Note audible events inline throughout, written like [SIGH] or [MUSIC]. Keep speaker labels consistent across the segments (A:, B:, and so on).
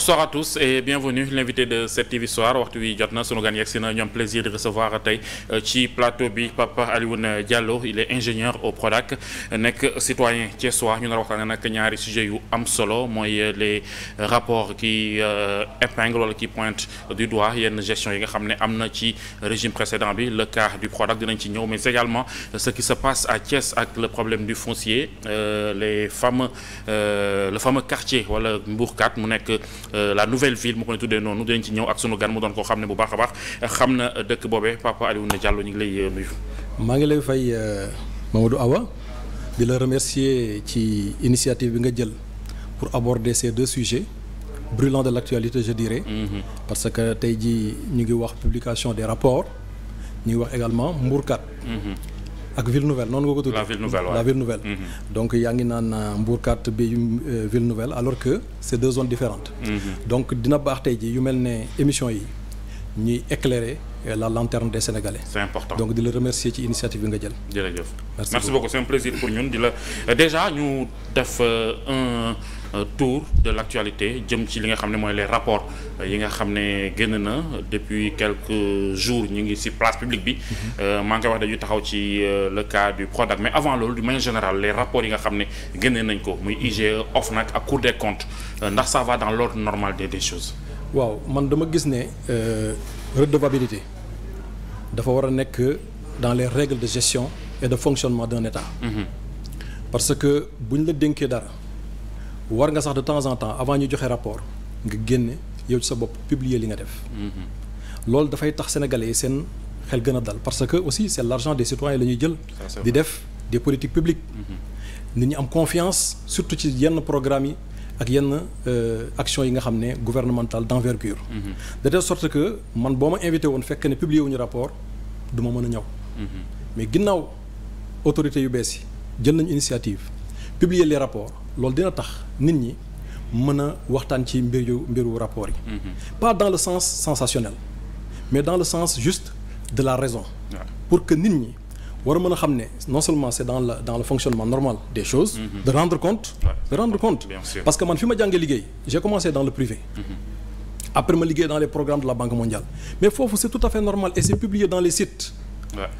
A: bonsoir à tous et l'invité de 7TV soir waxtu wi jot na sunu gan yegsi na ñoom plaisir de recevoir tey euh, ci plateau bi Papa Alioune Diallo il est ingénieur au Prodac nekk citoyen thiessois ñu nar waxtaane nag ñaari sujet yu am solo mooy euh, les rapports qui euh, épingle wala qui pointe du doigt yenn gestion yi nga xam ne am na ci régime précédent bi le cas du Prodac dinañ ci ñëw mais également ce qui se passe à Thiès ak le problème du foncier les fameux le fameux quartier wala Mbourkat mu nekk Euh, la nouvelle ville mu ko ne tuddee noonu dinañ ci ñëw ak sunu gan mu doon koo xam ne bu baax a baax xam na dëkk boobee Papa Alioune Diallo ñu ngi lay euh, nuyu.
B: maa ngi lay fay euh, Mamadou Awa di la remercier ci initiative bi nga jël pour aborder ces deux sujets brûlants de l'actualité je dirais. Mmh. parce que tey jii ñu ngi wax publication des rapports ñu ngi wax également mbuurkat. Mmh. ak ville nouvelle noonu nga ko tudd la ville nouvelle la ville nouvelle mm-hmm. donc yaa ngi naan euh, Mbourkat bi euh, ville nouvelle alors que c'est deux zones différentes mm-hmm. donc dina baax tey ji yu mel ne émission yi ñuy éclairer la lanterne des Sénégalais. c'est important donc di la remercier ci initiative bi nga jël.
A: merci, merci beaucoup c'est pour ñun di la déjà ñu def euh, un. Euh, tour de l'actualité jëm ci li nga xam ne mooy les rapport euh, yi nga xam ne génn na depuis quelques jours ñu ngi ci place publique bi mhm. maa ngi koy wax dañuy taxaw ci le cas du Prodac mais avant loolu du manière générale les rapports yi nga xam ne génne nañ ko muy IGE OFNAC ak Cour des comptes ndax ça va dans l'ordre normal des des choses
B: waaw man dama gis ne redevabilité dafa war a nekk dans les règles de gestion et de fonctionnement d'un État. Mmh. parce que bu ñu la dénkee dara war nga sax de temps en temps avant ñu joxe rapport nga génne yow ci sa bopp publier li nga def. Mhm. loolu dafay tax sénégalais yi seen xel gën a dal parce que aussi c'est l'argent des citoyens la ñuy jël. di def des politiques publiques. Mhm. nit ñi am confiance surtout ci yenn programme yi ak yenn euh, action yi nga xam ne gouvernementale d'envergure. Mhm. de telle sorte que man boo ma invité woon fekk ne publier wuñu rapport du mën a ñëw. Mhm. mais ginnaaw autorités yu bees yi jël nañu initiative publier les rapport loolu dina tax nit ñi mën a waxtaan ci mbir yu mbiru rapport yi. Mhm. pas dans le sens sensationnel mais dans le sens juste de la raison. pour que nit ñi. war a mën a xam ne non seulement c'est dans le dans le fonctionnement normal des choses. Mmh. de rendre compte. parce que man fi ma jàngee liggéey j'ai commencé dans le privé. Mmh. après ma liggéey dans les programmes de la Banque mondiale mais foofu c'est tout à fait normal et c'est publié dans les sites.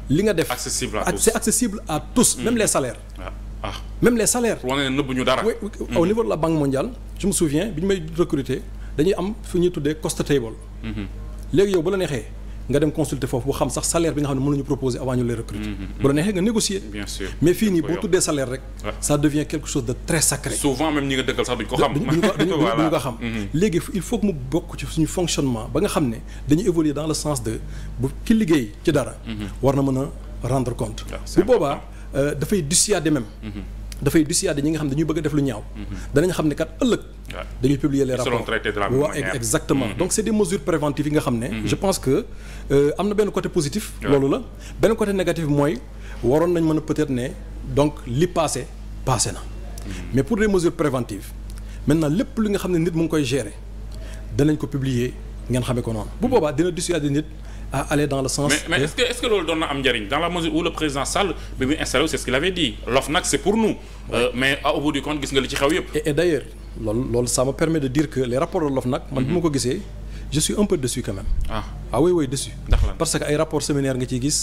B: li nga def accessible à tous c'est accessible à tous. même les mhm. salaires. ah au mhm. niveau de la Banque mondiale je me bi ñu may recruter dañuy am fu ñuy tuddee cost mhm. léegi yow nga dem consulter foofu bu xam sax salaire bi nga xam ne mën nañu proposer avant ñu
C: mm-hmm,
B: mm-hmm. nga négocier. mais fii nii boo tuddee salaire rek. ça devient quelque chose de très sacré. souvent
A: même ñi nga dëkkal sax duñ ko xam.
B: léegi il faut que mu bokk suñu fonctionnement ba nga xam ne dañu évoluer dans le sens de bu ki liggéey ci dara. Mm-hmm. war na mën a rendre compte. Ah, bu boobaa euh, dafay dissuader même. dafay dissuader ñi nga xam ne dañuy bëgg a def lu ñaaw. Mhm. danañ xam ne kat ëllëg. dañuy publier les rapports waaw exactement mhm. donc c' est des mesures yi nga xam ne. Mhm. je pense que euh, am na benn côté positif. loolu la benn côté négatif mooy waroon nañ mën a peut-être ne donc li passé passé na. mais pour des mesures préventives maintenant lépp li nga xam ne nit mu ngi koy gérer danañ ko publier ngeen xamee ko noonu. bu boobaa dina dissuader nit. à aller dans le sens. mais mais est ce que
A: est ce que loolu doon na am njëriñ dans la mesure où président Sall bi muy installé c'est ce qu'il avait dit l'OFNAC c'est pour nous. Euh, mais au bout du compte gis nga li ci xew yëpp. et d'ailleurs
B: loolu loolu ça me permet de dire que les rapports de l'OFNAC. man bi ma mhm. ko gisee je suis un peu dessus quand même. ah ah oui oui dessus. parce que ay rapports séminaires nga ciy gis.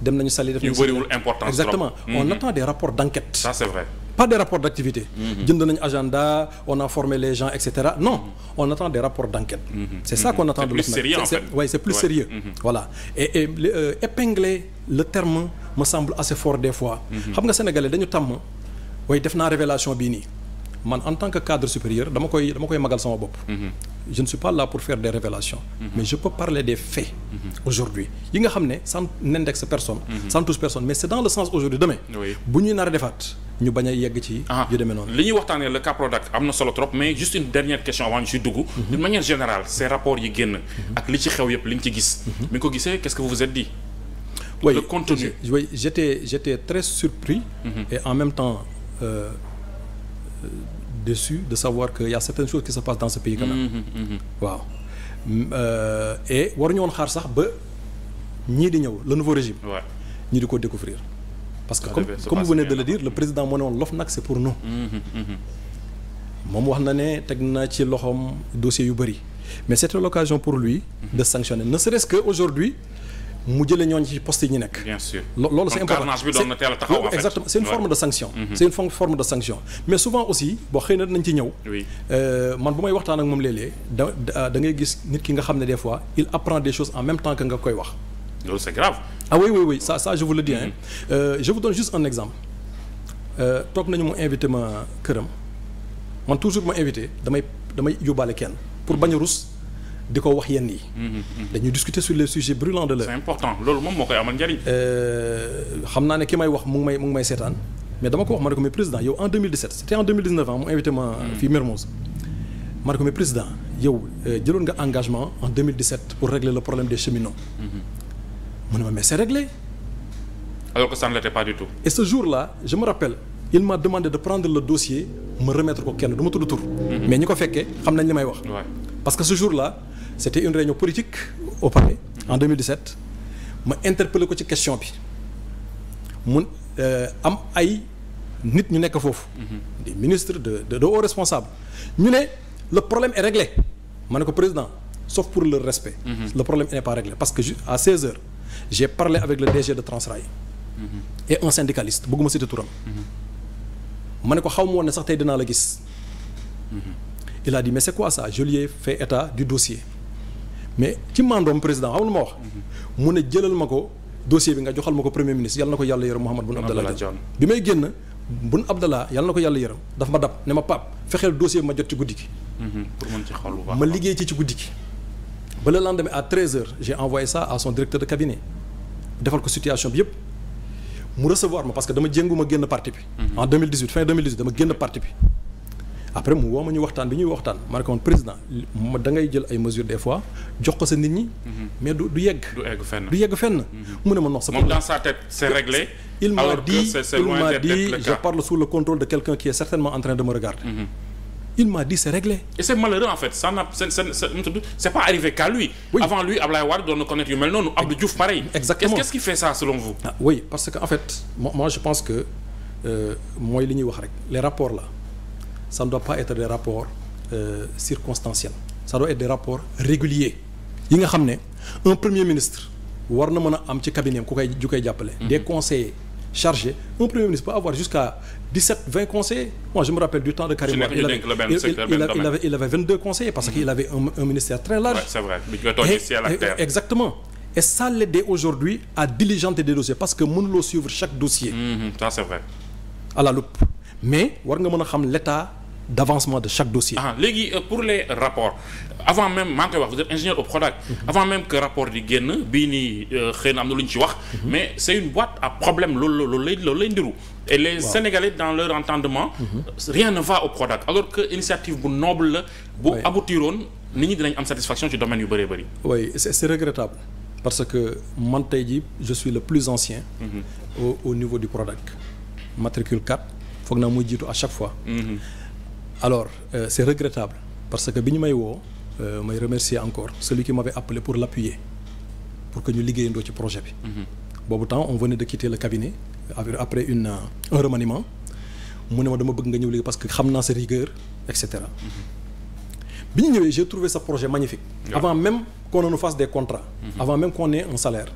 B: dem nañu sali def nañu bëriwul importance exactement mhm. on attend des rapports d'enquête ça pas des rapports d'activité mhm. jënd nañu agenda on a formé les gens et cetera non mhm. on attend des rapports d'enquête c'est ça qu'on attend de l'OFNAC oui c'est plus sérieux voilà et euh, épingler le terme me semble assez fort des fois xam nga sénégalais dañu tam way def naa révélation bii nii man en tant que cadre supérieur dama koy dama koy magal sama bopp mhm. je ne suis pas là pour faire des révélations mhm. mais je peux parler des faits mhm. aujourd'hui yi nga xam ne ça n'indexe personne ça ne touche personne mais c'est dans le sens aujourd'hui demain bu ñuy nar defaat ñu bañ a yegg ci ah. yu demee noonu li
A: ñuy waxtaanee le cas Prodac am na solo trop mais juste une dernière question avant ñu si dugg d'une manière générale ces rapports yi génn ak li ci xew yëpp li gis ko gisee qu'est-ce que vous vous
B: êtes dit oui, le contenu oui j'étais en même temps euh, Euh, déçu de savoir que y a certaines choses qui se passent dans ce pays quand mhm, mhm. waaw euh, et waruñu woon xaar sax ba ñii di ñëw le nouveau régime ñu di ko découvrir parce que comme comme vous venez de le dire le président moo ne woon Lofnac c'est pour nous
C: mhm,
B: moom wax na ne teg na ci loxoom dossier yu bëri mais c'était l'occasion pour lui de sanctionner ne serait-ce que aujourd'hui mu jëlee ñooñu ci poste yi ñu nekk.
A: bien sûr loolu c'est important carnage bi doon a taxaw en fait exactement c'est une forme de sanction. Mhm. c'est une
B: forme de sanction mais souvent aussi boo xëy na ci ñëw. Euh, man bu may waxtaan ak moom léeg-léeg dangay gis nit ki nga xam ne des fois il apprend des choses en même temps que nga koy wax. ah oui oui oui ça ça je vous le dis hein. Mhm. Euh, je vous donne juste un exemple euh, toog nañu mu invité ma këram man toujours ma invité damay damay yóbbaale kenn pour bañ a rus. di ko wax yenn yi.
C: Mm-hmm.
B: dañuy discuter sur les sujets brûlants de l'heure. c'est
A: important loolu moom moo koy amal njariñ.
B: Euh, xam naa ne ki may wax mu may mu ngi may seetaan mais dama ko wax ma ne ko mais président yow en 2017 en mu invité ma. Mm-hmm. fii Mermoz. ne ko mais président yow euh, jëloon nga engagement en 2017 pour régler le problème des cheminots.
C: Mm-hmm.
B: mu ne ma mais c'est réglé.
A: alors que ça ne l'était pas du tout.
B: et ce jour-là je me rappelle il m'a demandé de prendre le dossier me remettre ko kenn du ma tudd tur. mais ñi ko fekkee xam nañ li may wax. parce que c'était une réunion politique au palais en ma interpellé ko ci question bi mun euh, am ay nit ñu nekk foofu. Mhm. des ministres de de de hauts ñu ne le problème est réglé ma ne ko président sauf pour le respect. Mhm. le problème n'est pas réglé parce que à 16 heures j'ai parlé avec le DG de Transrail. Mhm. et un syndicaliste bëgguma citer turam. ma ne ko xaw ma woon ne sax tey dinaa la gis. il a dit mais c'est quoi ça je fait état du dossier. mais ki mandoom président xam lu ma wax mu ne jëlal ma ko dossier bi nga joxal ma ko premier ministre yàlla na ko yàlla yërëm Mahammed Boun Abdallah Dionne bi may génn Boun Abdallah yàlla na ko yàlla yaram daf ma dab ne ma pap fexeel dossier bi ma jot ci guddi gi mhm, pour ma liggéey ci ci guddi gi ba le lendemain à 13h envoyé ça à son directeur de cabinet defal ko situation bi yëpp mu recevoir ma parce que dama jéngu ma génn parti bi mhm. en fin dama génn parti après mu woo ma ñu waxtaan bi ñuy waxtaan ma ne ko président da jël ay mesures des fois jox ko sa nit ñi. Mhm. mais du du yegg. du yegg fenn du yegg fenn. Mhm. mu ne ma nox sa problème
A: moom dans sa tête c'est réglé. il m'a dit je
B: parle sous le contrôle de quelqu'un qui est certainement en de me regarder. Mhm. il m'a dit c'est réglé.
A: et c'est malheureux en fait ça n'a c'est c'est pas arrivé qu'à lui. Oui. avant lui Ablaye Wade doon na connaître yu mel noonu Abdou Diouf pareil. exactement ah,
B: que en fait moi je pense euh, li ñuy wax rek les rapports ça ne doit pas être des rapports euh, circonstanciels ça doit yi nga xam ne un premier ministre war na mën a am ci ku koy ju koy jàppale mhm. des conseillers chargés un premier ministre peut avoir jusqu'à 17 20 conseillers moi parce mm -hmm. qu'il mhm. avait un, un ministère très large exactement et ça l'aidait aujourd'hui à diligenter des dossiers parce que mënuloo suivre chaque dossier mhm, à la loupe mais war nga mën a xam l'état d'avancement de chaque dossier. ah
A: léegi euh, pour les rapports avant même maa ngi koy wax vous êtes ingénieur au Prodac. Mhm. avant même que rapport di génn bii nii euh, xëy na am na lu ñu ci wax. Mhm. mais c'est une boîte à problème loolu loolu lay loolu lay ndiru. et les wow. Sénégalais dans leur entendement. Mhm. rien ne va au Prodac alors que initiative bu noble la. bu aboutiroon nit ñi dinañ am satisfaction ci domaine yu bëree bari
B: oui c'est regrettable. parce que man tey jii je suis le plus ancien. Mm au au niveau du Prodac. matricule 4 foog naa muy jiitu à chaque fois. alors euh, c'est regrettable parce que bi ñu may woo euh, may remercier encore celui qui m'avait appelé pour l'appuyer pour que ñu liggéeyandoo ci projet bi. Mhm. boobu temps on venait de quitter le cabinet après une euh, un remaniement mu ne ma dama bëgg nga ñëw liggéey parce que xam naa sa rigueur et cetera. Mhm. bi ñu ñëwee j'ai trouvé ce projet magnifique. avant même qu'on ne nous fasse des contrats. Mm -hmm. avant même qu'on ait un salaire.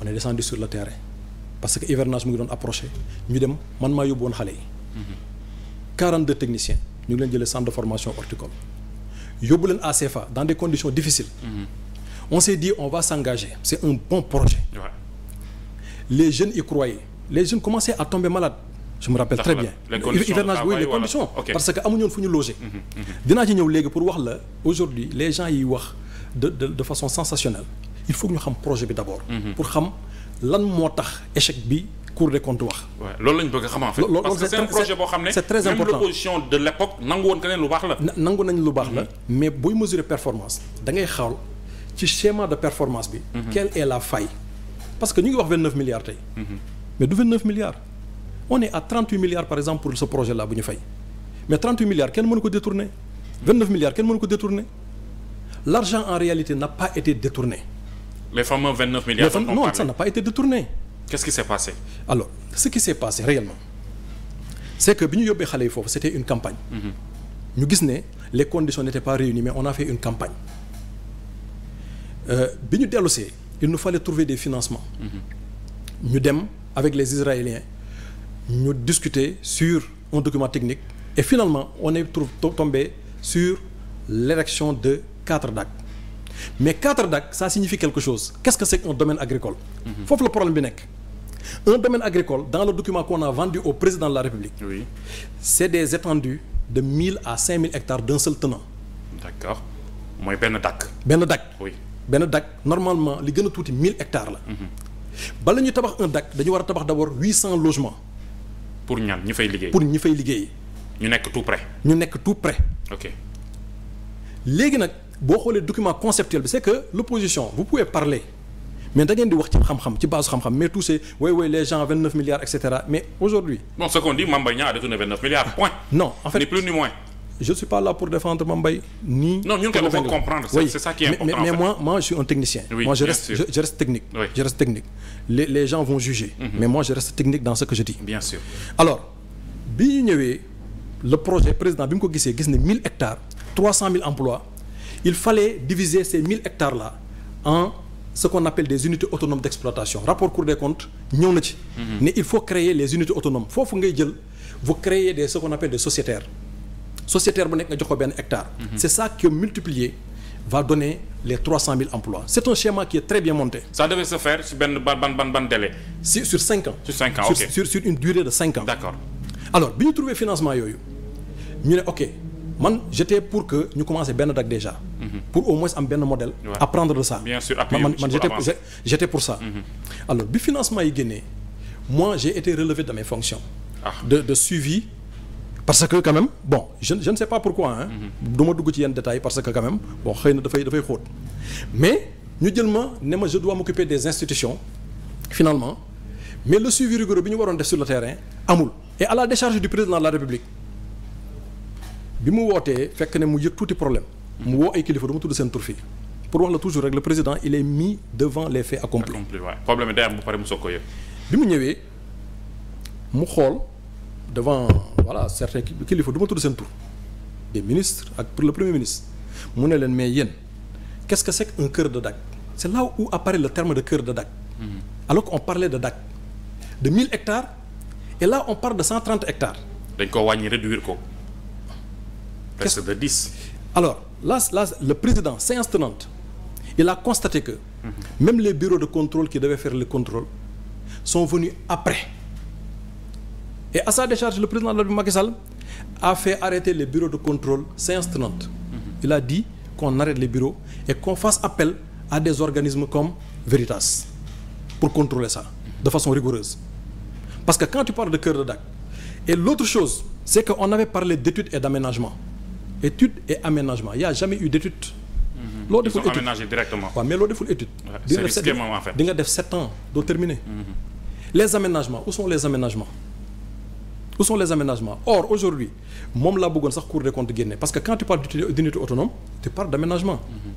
B: on est sur le terrain parce que hivernage mu ngi doon approché ñu dem man maa yóbbu woon 42 techniciens ñu ngi leen jëlee centre de formation horticole yóbbu leen à CFA dans des conditions difficiles. Mmh. on s'est dit on va s'engager c'est un bon projet. les jeunes y croyaient les jeunes commençaient à tomber malades. je me rappelle très bien hivernage bi les conditions parce que amuñoon fu ñu loger mm-hmm, mm-hmm. dinaa ci ñëw léegi pour wax la aujourd'hui les gens yi wax de de de façon sensationnelle il faut que ñu xam projet bi d'abord mm-hmm. pour xam lan moo tax échec bi cour des comptes wax.
A: waaw loolu la ñu bëgg a xam
B: en fait. parce que c'est un projet boo xam ne. c'est très important même l'opposition
A: de l'époque nangu woon que ne lu baax
B: la. nangu nañ lu baax la. Mhm. mais booy mesurer performance da ngay xaw ci schéma de performance bi. Mhm. quelle est la faille. parce que ñu ngi wax vingt neuf milliards tey. Mhm. mais du vingt neuf milliards. on est à trente huit milliards par exemple pour ce projet là bu ñu fay mais trente huit milliards kenn mënu ko détourner vingt neuf milliards kenn mënu ko détourner l'argent en réalité n'a pas été détourné. les fameux vingt neuf milliards. non ça n'a pas été détourné. qu'est-ce qui s'est passé. alors ce qui s'est passé réellement c'est que bi ñu yóbbee xale yi foofu c'était une campagne.
C: Mm-hmm.
B: ñu gis ne les conditions n'étaient pas réunies mais on a fait une campagne euh, bi ñu dellusee il nous fallait trouver des financements.
C: Mm-hmm.
B: ñu dem avec les Israéliens ñu discuter sur un document technique et finalement on est trouve tombé sur l'élection de quatre DAC. mais cadre DAC ça signifie quelque chose qu'est-ce que c'est qu'un domaine agricole foofu la problème bi nekk un domaine agricole dans le document qu'on a vendu au président de la République oui. c'est de mille à cinq mille ectare d'un seul tenant mooy benn DAC benn DAC oui benn DAC normalement li gën a tuuti mille ectare la mhm. bala ñu tabax un DAC dañu war a tabax d'abord huit cent logements pour ñan ñi fay liggéey pour ñi fay liggéey ñu nekk tout près ñu nekk tout près ok léegi nag boo xoolee document conceptuel bi c'est que l'opposition vous pouvez parler mais da ngeen wax ci xam-xam ci base xam-xam mais tout c'est oui oui les gens 29 milliards et mais aujourd'hui
A: bon ce qu'on dit Mame Mbaye Niang a détourné 29 milliards point.
B: non ni plus ni moins. je suis pas là pour défendre Mame Mbaye ni
A: non ñun kay comprendre c'est ça qui important mais
B: moi je suis un technicien. moi je reste technique. je reste technique les les mhm. bi ñu ko gisee gis ne 1000 hectares 300000 emplois. il fallait diviser ces 1000 hectares la en ce qu'on appelle des unités autonomes d'exploitation rapport Cour des comptes ñëw na ci mhm. ne il faut créer les unités autonomes foofu ngay jël vous créez des ce qu'on appelle des sociétaires sociétaire bu nekk nga jox ko benn hectare mm -hmm. c'est ça qui multiplié va donner les trois cent mille emplois c'est un schéma qui est très bien monté
A: sur ban ban ban délai cinq ans
B: sur une durée de cinq ans d'accord alors bi ñu trouvé financement yooyu ñu man j'étais pour que ñu commencé benn dak déjà. Mhm. pour au moins am benn modèle. apprendre de ça. bien sûr man man j'étais j'étais pour ça. Mhm. alors bi financement yi génnee moi j'ai été relevé de mes fonctions. Ah. de suivi. parce que quand même bon je je ne sais pas pourquoi hein. Mhm. du ma dugg ci yenn détails parce que quand même bon xëy na dafay dafay xóot. mais ñu jël ma ne ma je dois m'occuper des institutions finalement mais le suivi rigoureux bi ñu waroon def sur le terrain amul. et à la décharge bi mu wootee fekk ne mu yëg tuuti problème mu woo ay kilifa du tudd seen tur fii pour wax la toujours rek le président il est mis devant les faits accomplis
A: problème day am ba pare mu soog ko yëg
B: bi mu ñëwee mu xool devant voilà certains kilifa du ma tudd seen tur des ministres ak pour le premier ministre mu ne leen mais yéen quest que c'est qu'un cœur de DAC c'est là où apparaît le terme de cœur de DAC
C: mm-hmm.
B: alors on parlait de DAC de mil hectares et là on par de 130 hectares
A: dañ ko wàññi réduire ko
B: presque de dix. alors là le président séance tenante il a constaté que. même les bureaux de contrôle qui devaient faire le contrôle sont venus après. Et à sa le président de la Macky Sall a fait arrêter les bureaux de contrôle séance tenante. Il a dit qu'on arrête les bureaux et qu'on fasse appel à des organismes comme Veritas pour contrôler ça de façon rigoureuse. Parce que quand tu parles de cœur de DAC, et l'autre chose, c'est qu'on avait parlé et d'aménagement. étude et aménagement il y a jamais eu d'étude
A: mhm. loo deful étude aménagé directement
B: waaw mais loo deful étude di di nga def sept ans doo terminer mhm. les aménagements où sont les aménagements où sont les aménagements or aujourd'hui moom laa bëggoon sax Cour des comptes génne parce que quand tu parles d'unité autonome tu parles d'aménagement mhm.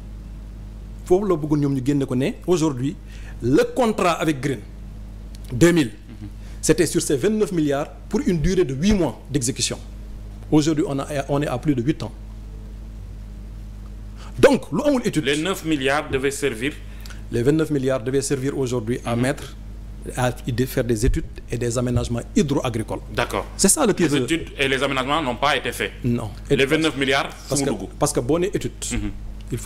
B: foofu loo bëggoon ñoom ñu génne ko ne aujourd'hui le contrat avec Green 2000 c'était sur ces vingt neuf milliards pour une durée de huit mois d'exécution aujourd'hui on a on est à plus de huit ans donc lu amul étude. les neuf milliards devaient servir. les vingt neuf milliards devaient servir aujourd'hui à mhm. mettre et des aménagements hydro-agricoles. d'accord c'est ça le pire. les études et parce que boo nee étude. Mhm. il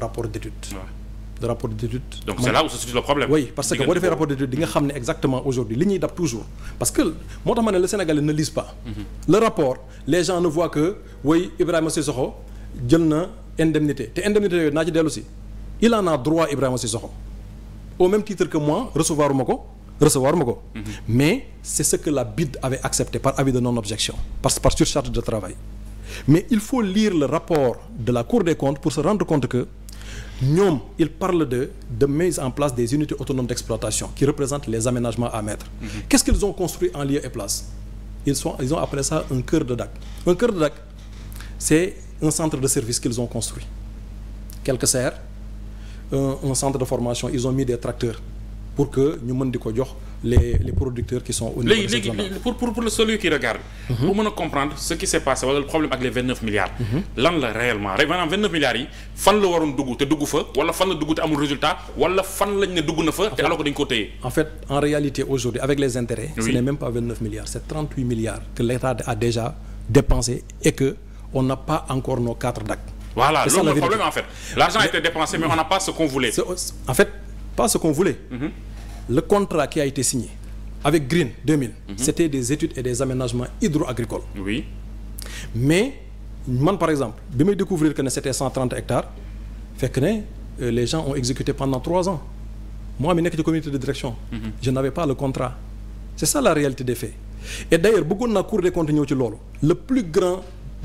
B: rapport d'étude. de rapport d'étude. donc c'est là où se situe le problème. oui parce que boo defee rapport d'étude di nga xam ne exactement aujourd'hui li ñuy dab toujours parce que moo tax ma ne le Sénégalais ne lise pas. Mhm. rapport les gens ne que oui Ibrahima Sissoko jël na indemnité te indemnité yooyu naa ci dellu si il en a droit Ibrahima Sissoko au même titre que moi recevoir ma ko recevoir ma ko. Mhm. mais c'est ce que la BID avait accepté par avis de non objection parce par surcharge de travail mais il faut lire le que. ñoom il parle de de mise en place des unités autonomes d'exploitation qui représentent les aménagements à mettre mm -hmm. qu'est-ce qu'ils ont construit en lieu et place ils sont ont appelé ça un cœur de DAC un cœur de DAC c'est un centre de service qu'ils ont construit quelques serres un, un centre de formation ils ont mis des tracteurs pour que ñu mën di ko jox les producteurs qui sont au niveau de cette
A: pour pour pour celui qui regarde. Mhm. pour mën a comprendre ce qui s' passé wala le problème ak les milliards. Mhm. lan la réellement rek maanaam milliards yi fan la waroon dugg te dugg fa wala fan la dugg te amul résultat wala fan lañ ne dugg na fa. te alors que dañ ko téye.
B: en fait en réalité aujourd'hui avec les intérêts. Oui. ce même pas milliards c' milliards que l' pas ce qu'on voulait. Mhm. Le contrat qui a été signé avec Green 2000. Mhm. C'était des études et des aménagements hydro-agricoles. Oui. Mais man par exemple bi may découvrir que ne c'était 130 hectares fekk ne euh, les gens ont exécuté pendant trois ans moi mi nekk ci comité de direction. Mm -hmm. je n'avais pas le contrat. c'est ça la réalité des faits et d'ailleurs bëggoon naa Cour des comptes ci loolu le plus grand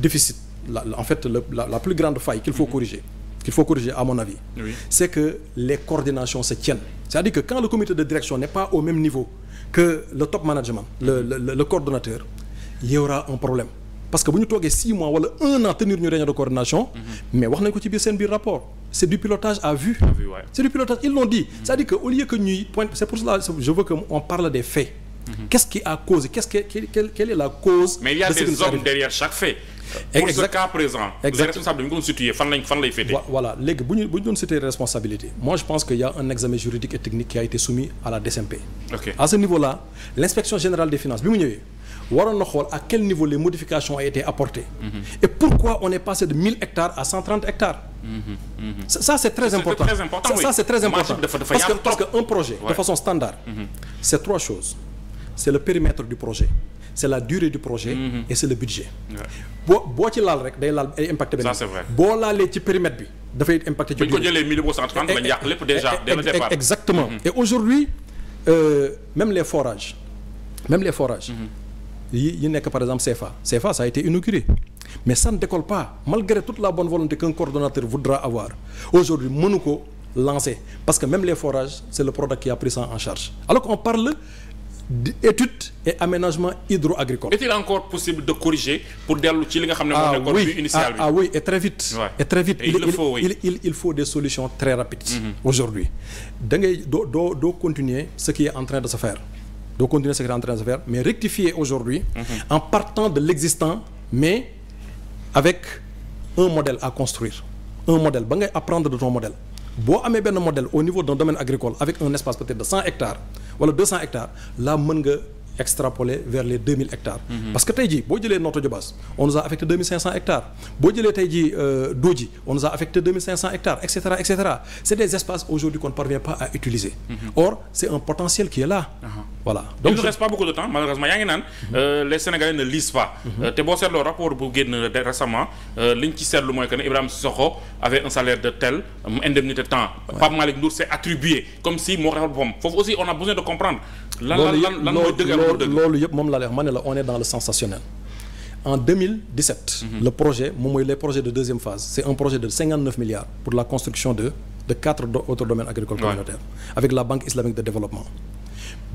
B: déficit la en fait la la, plus grande faille qu'il faut mhm. corriger qu'il faut corriger à mon avis oui. c'est que les coordinations se tiennent c'est-à-dire que quand le comité de direction n'est pas au même niveau que le top management le le, y aura un problème parce que bu ñu toogee six mois wala un an tenir ñu réunion de coordination mhm. mais wax nañ ko ci rapport c'est du pilotage à vue à vue, ouais. c'est du pilotage ils l'ont dit mhm. c'est-à-dire que au lieu que ñuy point c'est pour cela je veux mhm. que on parle
A: Euh, pour ce cas présent. exactement les responsables dañu ko doon situé fan lañ fan lay féetee.
B: voilà bu ñu bu ñu responsabilité moi je pense que y un examen juridique et technique qui a été soumis à la DSMP. à ce niveau là l' inspection générale des finances bi mu ñëwee waroon na les modifications ont été apportées. Mhm. et pourquoi on est passé de hectares à hectares. parce que un projet de façon standard. Mhm. c' trois choses c' le périmètre du projet. c' la durée du projet. Mhm. et c' le budget. boo boo ci laal rek day laal ay impacté benn. boo laalee ci périmètre bi dafay impacté. ci biir bu ñu ko jëlee
A: 1930 nga yàq lépp déjà eh, eh,
B: exactement. Mhm. et aujourd'hui euh, même les forages même les forages. Mhm. yi yi nekk par exemple CFA CFA ça a été inauguré mais ça ne décolle pas malgré toute la bonne volonté qu'un coordonnateur voudra avoir aujourd'hui mënu ko lancer parce que même les forages c'est le Prodac qui a pris ça en charge alors qu'on parle d'études et aménagement hydro-agricole.
A: Est-il encore possible de corriger pour dellu ci li nga xam ne moo ah nekkoon bu initial bi ah, ah
B: oui et très vite. Ouais. et très vite il, faut, des solutions très rapides. Mm-hmm. aujourd'hui da ngay doo doo doo continuer ce qui est en train de se faire doo continuer ce qui est en train de se faire mais rectifier aujourd'hui mm-hmm. en partant de l'existant mais avec un modèle à construire un modèle ba ngay apprendre de ton modèle. boo amee benn modèle au niveau d'un domaine agricole avec un espace peut-être de cent hectares wala deux cent hectares mën nga extrapoler vers les hectares. Mhm. parce que tey jii boo jëlee Notto Diobass on nous a affecté deux mille cinq boo jëlee tey jii euh, Dodji on nous a affecté deux mille cinq cent c'est des espaces aujourd'hui qu'on parvient pas à utiliser. Mhm. or c'est un potentiel qui est voilà donc ne reste
A: pas beaucoup de temps malheureusement yaa ngi naan mhm. euh, les sénégalais ne lisent mhm. euh, te boo seetloo rapport bu génn récemment euh, li ñu ci seetlu mooy que ne Ibrahima Sissoko avait un salaire de tel indemnité temps Pape Malick Ndour s'est attribué comme si moo defal boppam foofu aussi on a besoin de comprendre lan lan lan mooy dëgg ak dëgg
B: loolu yëpp moom laa lay wax la on est dans le sensationnel en mhm. le projet moom les projets de deuxième phase c'est un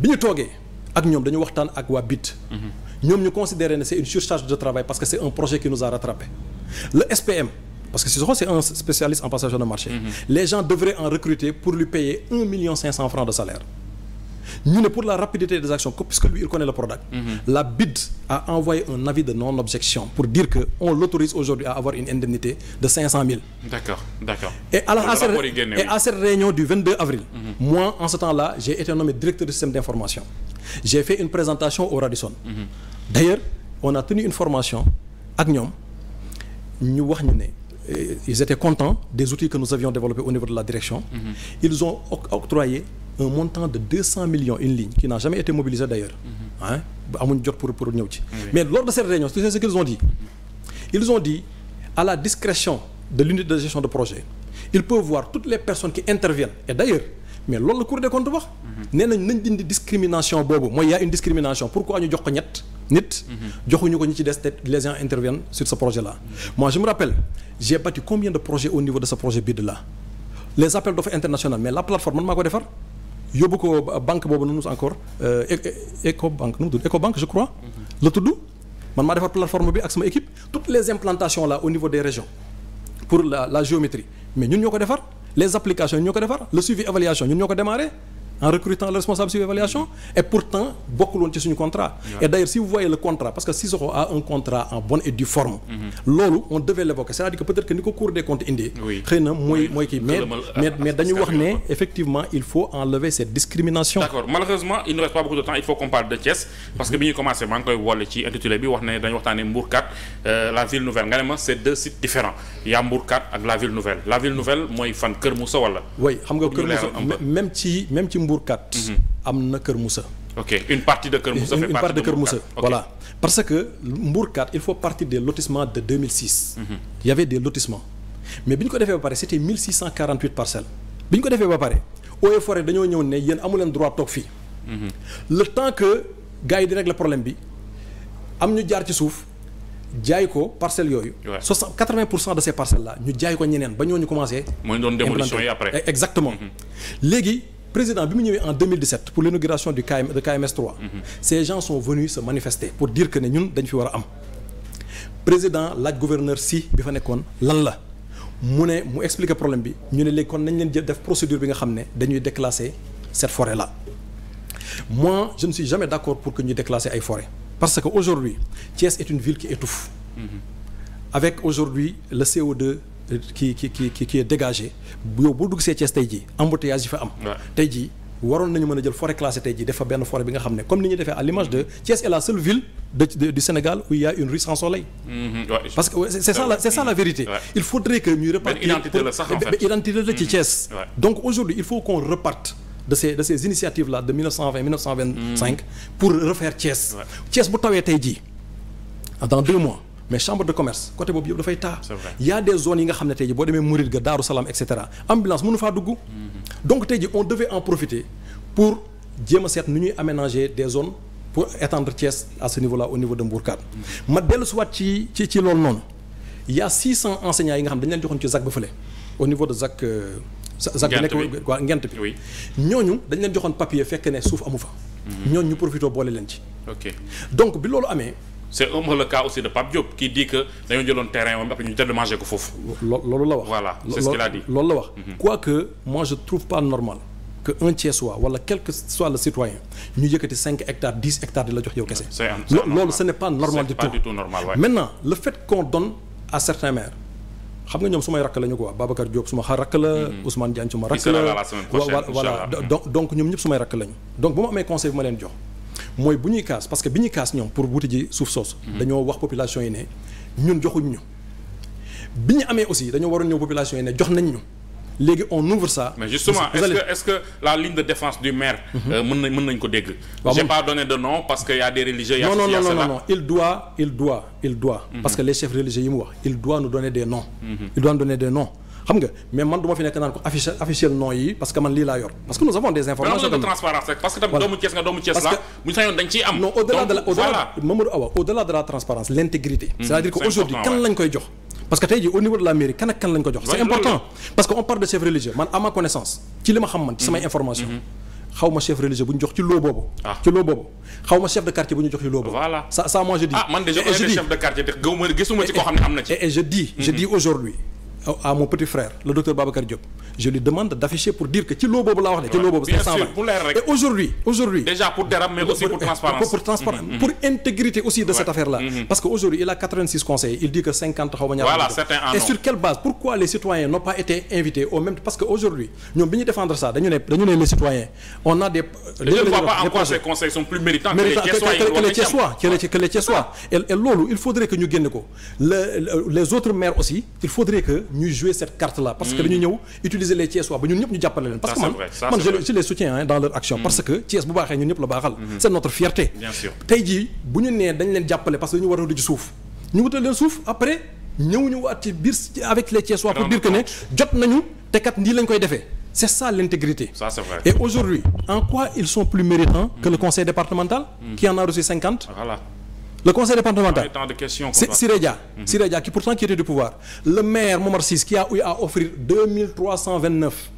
B: bi ñu toogee ak ñoom dañu waxtaan ak waa BIT. Mhm. ñoom ñu considéré ne une surcharge de travail parce que c' un projet qui nous a rattrapé le SPM parce que Sissoko c' est un spécialiste en passation de marché. Mhm. les gens devraient en recruter pour lui payer un million francs de salaire. ñu ne pour la rapidité des actions puisque lui il connaît le Prodac. Mm -hmm. la BID a envoyé un avis de non objection pour dire que on l'autorise aujourd'hui à avoir une indemnité de et à la réunion du avril. Mhm. en ce temps là j'ai été nommé directeur du système d'information j'ai fait une présentation au Radisson. Mhm. d'ailleurs on a tenu une formation ak ñoom ñu wax ñu ne. Euh, ils étaient contents des outils que nous avions développés au niveau de la direction. Mhm. un montant de deux cent millions une ligne qui n'a jamais été mobilisée d'ailleurs ah amuñ jot pour pour ñëw ci mais lors de cette réunion c'est ce qu'ils ont dit mm-hmm. ils ont dit à la discrétion de l'unité de gestion de projet toutes les personnes qui interviennent et d'ailleurs mais loolu la Cour des comptes wax mm-hmm. nee nañ dindi discrimination boobu mooy y a une discrimination pourquoi ñu jox ko ñett nit joxuñu ko ñi ci des te les gens interviennent ko defar yóbbu ko banque boobu noonu encore euh, e-, e-, Ecobank nu mu tudd Ecobank je crois. la tudd man maa defar plateforme bi ak sama équipe toutes les implantations là au niveau des régions pour la la géométrie mais ñun ñoo ko defar les applications ñun ñoo ko defar le suivi évaluation ñun ñoo ko démarré. en recrutant le responsable surévaluation et pourtant bokkul woon ci suñu contrat et d'ailleurs si vous voyez contrat parce que Sissoko a un contrat en bonne et due forme mm-hmm. loolu on devait l'évoquer c'est-à-dire que peut-être que ni ko Cour des comptes indee xëy na mooy mooy kii mais dañu wax ne effectivement il faut enlever cette discrimination d'accord
A: malheureusement il ne pas beaucoup de temps il faut qu'on parle de parce que bi ñuy commencé
B: Mbourkat. Mhm. am na Kër Moussa.
A: ok une partie de Kër Moussa. fait
B: parce que Mbourkat il faut partir des lotissements de 2006. Mhm. il y avait des lotissements mais bi ñu ko defee ba pare c' était bi ñu ko defee ba pare Eaux et Forêts dañoo ñëw ne yéen amu leen droit toog fii. Mhm. le temps que gars yi di régler problème bi am ñu jaar ci suuf. jaay ko parcelles yooyu. waaw soixante de ces parcelles là ñu jaay ko ñeneen ba ñoo ñu commencé.
A: mooy doon démolition yi
B: exactement. léegi président bi mu ñëwee en 2017 pour l'inauguration du KM de KMS 3. ces gens sont venus se manifester pour dire que ne ñun dañ fi war a am. président laaj gouverneur si bi fa nekkoon lan la mu ne mu expliquer problème bi ñu ne léegi kon nañ leen jël def procédure bi nga xam ne dañuy déclasser cette forêt la moi je ne suis jamais d'accord pour que ñuy déclasser ay forêts parce que aujourd'hui Thiès et une ville qui étouffe. Mm -hmm. avec aujourd'hui le co qui qui qui qui est dégagé yow boo dugg see Thiès tey jii embouteillage yi fa am. tey jii waroon nañu mën a jël forêt classée tey jii def benn forêt bi nga xam ne comme ni ñu defee à l'image de Thiès est la seule ville de, de du Sénégal où il y a une rue sans soleil. Mm-hmm. parce que c'est ça la mm-hmm. vérité. il faudrait que ñu répartir la ci mm-hmm. Thiès. donc aujourd'hui il faut qu'on reparte. de ces initiatives là de pour refaire Thiès. Thiès bu tawee tey jii dans deux mois. mais chambre de commerce côté boobu yëpp dafay taa. y' a des zones yi nga xam ne tey jii boo demee Mouride ga Daaru Salaam et cetera mënu faa dugg. Mhm. donc tey ji on devait en profiter pour jéem a seet nu ñuy aménager des zone pour étendre Thiès à ce niveau là au niveau de Mbourkat. Mhm. ma dellu si waat ci ci ci loolu noonu yaa a 600 enseignants yi nga xam dañ leen joxoon ci ZAC ba au niveau de ZAC. Euh, ZAC bi nekk waa Ngent bi ñooñu dañ leen joxoon papier fekk ne suuf amu fa. Mhm. ñooñu ñu profité boole leen ci. ok donc bi loolu amee.
A: c'est un peu le cas aussi de Pape Diop qui dit que dañoo loolu
B: la wax voilà c'est a la mhm. que un Thiessois wala quel que soit le citoyen ñu yëkkati cinq hectares dix hectares di la jox yow kese. loolu ce n'est pas normal du tout. du tout normal ouais. maintenant le donne à certains maires xam nga ñoom sumay rakk la ñu quoi Babacar Diop suma xa rakk la. Mhm. Ousmane Diagne suma rakk la. donc ñoom ñëpp may rakk lañu. donc bu ma amee conseil bu ma leen jox. mooy bu ñuy kaas parce que bi ñuy kaas ñoom pour wuti ji suuf soosu. Mhm. dañoo wax population yi ne ñun joxuñ ñu. bi ñu amee aussi dañoo waroon ñëw population yi ne jox nañ ñu. léegi on ouvre ça. mais justement est-ce est la ligne de
A: défense du maire. Mhm. Euh, mën nañ ko dégg. j'ai pas donné de nom parce que y a des religieux. y a non non non
B: il doit il doit il doit. parce mhm. que les chefs religieux yi mu wax il doit nous donner des noms. xam nga mais man du fi nekk naan ko officiel officiel yi parce que man lii laa yor parce que nous avons des informations de
A: parce que tam doomu Thiès nga doomu Thiès la bu ñu sañoon dañ ciy am non au delà de la au delà
B: Mamadou Awa au delà de la transparence l'intégrité hmm, c'est-à-dire que aujourd'hui kan lañ koy jox parce que tey jii au niveau de la mairie kan ak kan lañ ko jox c'est important parce que on parle de chef religieux man na ci. Hmm, à mon petit frère le docteur Babacar Diop je lui demande d'afficher pour dire que ci loo boobu laa wax de ci loo boobu 520
A: et aujourd'hui aujourd'hui pour dérap mais aussi pour transparence pour mhm.
B: intégrité aussi de cette affaire là mhm. parce que aujourd'hui il a 86 conseillers il dit que 50 xaw ma et sur quelle base pourquoi les citoyens n'ont pas été invités au même parce que aujourd'hui ñoom bi défendre ça dañu ñuy jouer cette carte là. parce que dañu hmm. ñëw utiliser les Thiessois ba ñun ñëpp ñu jàppale leen. parce que man hmm. bu baaxee ñun ñëpp la baaxal. Hmm. c'est notre fierté. tey jii bu ñu nee dañ leen jàppale parce que dañu war a ci suuf ñu wutal leen suuf après ñëw ñu waat ci biir avec les Thiessois pour dire que ne jot nañu te kat nii lañ koy defee. c'est ça l'intégrité. Et aujourd'hui, en quoi ils sont plus méritants que le conseil départemental mmh. qui le conseil départemental Siré Dia Siré Dia qui pourtant pour était du pouvoir le maire Momar Ciss qui a eu à offrir 2329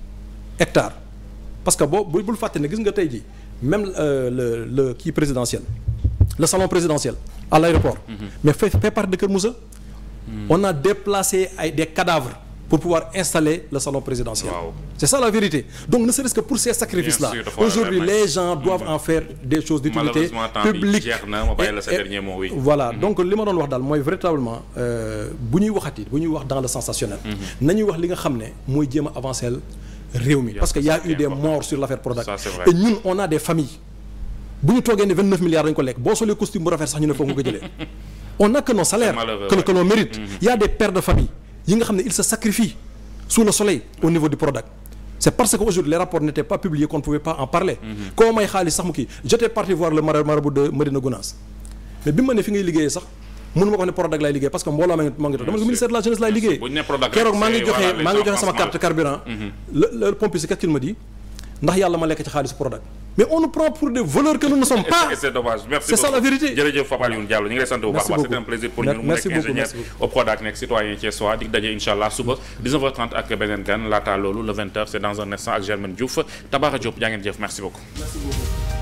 B: parce que boo bu bul fàtte ne gis nga tey ji même euh, le kii présidentiel le salon présidentiel à l'aéroport mhm. mais fait fait partie de Kër Moussa mhm. on a déplacé ay des cadavres pour pouvoir installer le salon présidentiel. Wow. C'est ça la vérité. Donc ne serait-ce pour ces sacrifices-là, aujourd'hui les gens doivent mm-hmm. en faire des choses d'utilité publique. Voilà, mm-hmm. donc li ma doon wax daal mooy véritablement euh, bu ñuy waxati bu ñuy wax dans le sensationnel. Mm-hmm. nañuy wax li nga xam ne mooy jéem a avancer réew mi. parce que y a eu des morts sur l'affaire Prodac. et ñun on a des familles. bu ñu toogee ne 29 milliards dañu ko ko jëlee. [LAUGHS] yi nga xam ne il se sacrifie sous le soleil au niveau du Prodac c'est parce que aujourd'hui les rapports n'étaient pas publiés qu'on ne pouvait pas en parler mhm. koo may xaalis sax mu kii j'étais parti voir le marabout de Medina Gounass mais bi ma ne fi ngay liggéeyee sax mënu ko wax ne Prodac laay liggéey parce que mbooloo ma ngi toog dama ne ministère la jeunesse laay liggéey keroog maa ngi joxee maa ngi joxee sama carte carburant mhm. le pompiste qu'est-ce qu'il me ndax yàlla ma lekk ci xaalis mais on nous prend pour des voleurs que nous ne sommes pas.
A: c'est dommage merci c'est la vérité. jërëjëf Fapal Youn Diallo ñu ngi lay sant bu baax baax c'est plaisir pour ñun mu nekk ingénieur au Prodac nekk citoyen Thiessois di daje incha suba 19h30 loolu le 20h c'est dans un instant ak Germaine Diouf Tabara Diop jaa ngeen jëf merci merci beaucoup.